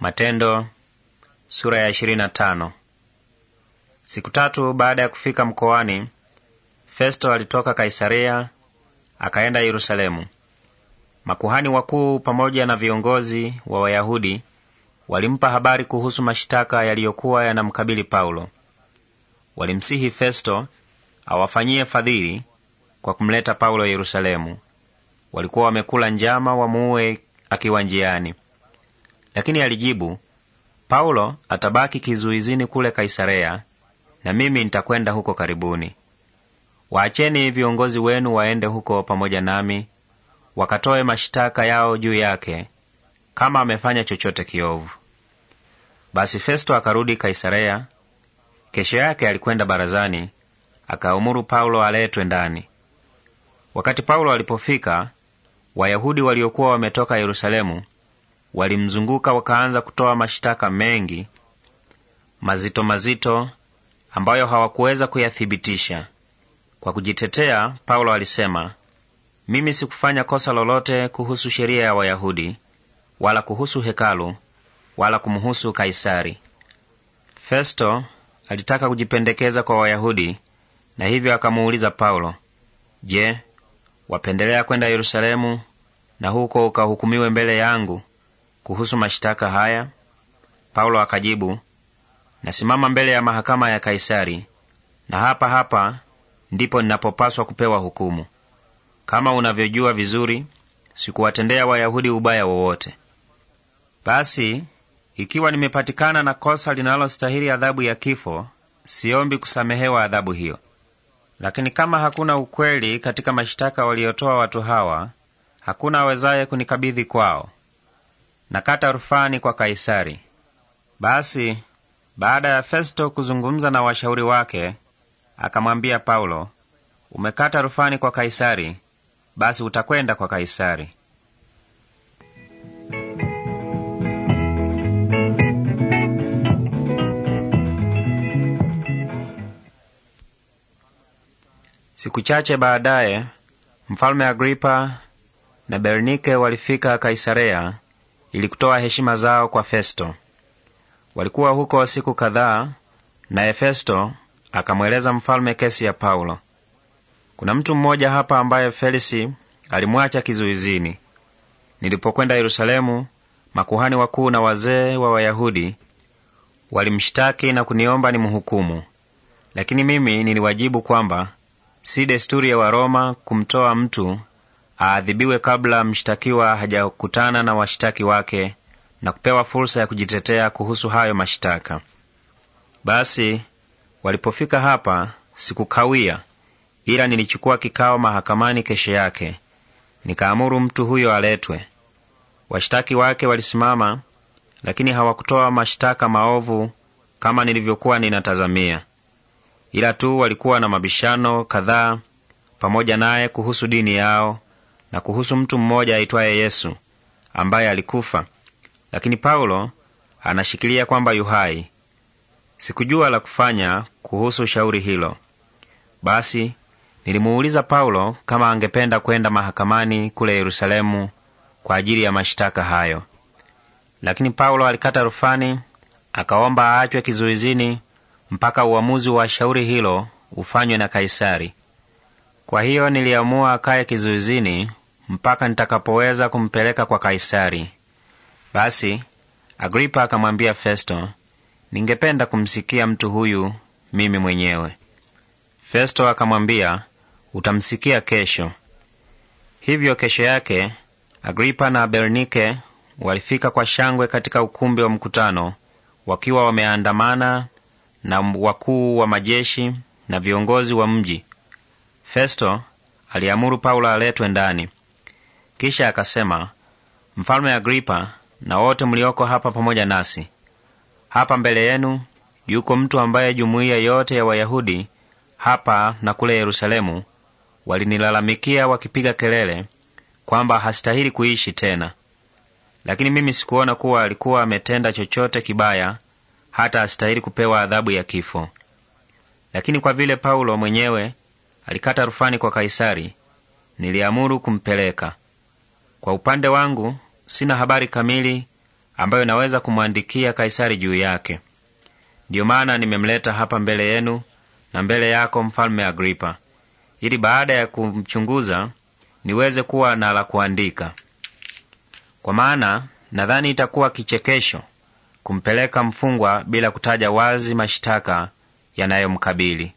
Matendo sura ya ishirini tano. Siku tatu baada ya kufika mkoani, Festo alitoka Kaisarea akaenda Yerusalemu. Makuhani wakuu pamoja na viongozi wa Wayahudi walimpa habari kuhusu mashitaka yaliyokuwa yanamkabili Paulo. Walimsihi Festo awafanyie fadhili kwa kumleta Paulo Yerusalemu. Walikuwa wamekula njama wamuue akiwa njiani. Lakini alijibu, Paulo atabaki kizuizini kule kaisareya na mimi nitakwenda huko karibuni. Waacheni viongozi wenu waende huko pamoja nami, wakatoe mashitaka yao juu yake, kama amefanya chochote kiovu. Basi Festo akarudi kaisareya Kesho yake alikwenda barazani, akaamuru Paulo aletwe ndani. Wakati Paulo alipofika, Wayahudi waliokuwa wametoka Yerusalemu walimzunguka wakaanza kutoa mashtaka mengi mazito mazito ambayo hawakuweza kuyathibitisha. Kwa kujitetea, Paulo alisema, mimi sikufanya kosa lolote kuhusu sheria ya Wayahudi wala kuhusu hekalu wala kumhusu Kaisari. Festo alitaka kujipendekeza kwa Wayahudi na hivyo akamuuliza Paulo, je, wapendelea kwenda Yerusalemu na huko ukahukumiwe mbele yangu kuhusu mashtaka haya? Paulo akajibu, nasimama mbele ya mahakama ya Kaisari, na hapa hapa ndipo ninapopaswa kupewa hukumu. Kama unavyojua vizuri, sikuwatendea Wayahudi ubaya wowote. Basi ikiwa nimepatikana na kosa linalostahili adhabu ya kifo, siombi kusamehewa adhabu hiyo. Lakini kama hakuna ukweli katika mashtaka waliotoa watu hawa, hakuna awezaye kunikabidhi kwao nakata rufani kwa Kaisari. Basi baada ya Festo kuzungumza na washauri wake, akamwambia Paulo, umekata rufani kwa Kaisari, basi utakwenda kwa Kaisari. Siku chache baadaye, mfalme Agripa na Bernike walifika Kaisarea ili kutoa heshima zao kwa Festo. Walikuwa huko siku kadhaa, naye Festo akamweleza mfalme kesi ya Paulo. Kuna mtu mmoja hapa ambaye Felisi alimwacha kizuizini. Nilipokwenda Yerusalemu, makuhani wakuu na wazee wa Wayahudi walimshtaki na kuniomba nimhukumu, lakini mimi niliwajibu kwamba si desturi ya Waroma kumtoa mtu aadhibiwe kabla mshtakiwa hajakutana na washtaki wake na kupewa fursa ya kujitetea kuhusu hayo mashtaka. Basi walipofika hapa, sikukawia, ila nilichukua kikao mahakamani keshe yake, nikaamuru mtu huyo aletwe. Washtaki wake walisimama, lakini hawakutoa mashtaka maovu kama nilivyokuwa ninatazamia, ila tu walikuwa na mabishano kadhaa pamoja naye kuhusu dini yao na kuhusu mtu mmoja aitwaye Yesu ambaye alikufa, lakini Paulo anashikilia kwamba yuhai. Sikujua la kufanya kuhusu shauri hilo. Basi nilimuuliza Paulo kama angependa kwenda mahakamani kule Yerusalemu kwa ajili ya mashitaka hayo, lakini Paulo alikata rufani, akaomba aachwe kizuizini mpaka uamuzi wa shauri hilo ufanywe na Kaisari. Kwa hiyo niliamua akaye kizuizini mpaka nitakapoweza kumpeleka kwa Kaisari. Basi Agripa akamwambia Festo, ningependa kumsikia mtu huyu mimi mwenyewe. Festo akamwambia, utamsikia kesho. Hivyo kesho yake Agripa na Bernike walifika kwa shangwe katika ukumbi wa mkutano, wakiwa wameandamana na wakuu wa majeshi na viongozi wa mji. Festo aliamuru Paulo aletwe ndani. Kisha akasema, Mfalme Agripa na wote mlioko hapa pamoja nasi, hapa mbele yenu yuko mtu ambaye jumuiya yote ya Wayahudi hapa na kule Yerusalemu walinilalamikia wakipiga kelele kwamba hastahili kuishi tena, lakini mimi sikuona kuwa alikuwa ametenda chochote kibaya hata astahili kupewa adhabu ya kifo. Lakini kwa vile Paulo mwenyewe alikata rufani kwa Kaisari, niliamuru kumpeleka. Kwa upande wangu sina habari kamili ambayo naweza kumwandikia Kaisari juu yake. Ndiyo maana nimemleta hapa mbele yenu na mbele yako Mfalme Agripa, ili baada ya kumchunguza niweze kuwa na la kuandika, kwa maana nadhani itakuwa kichekesho kumpeleka mfungwa bila kutaja wazi mashitaka yanayomkabili.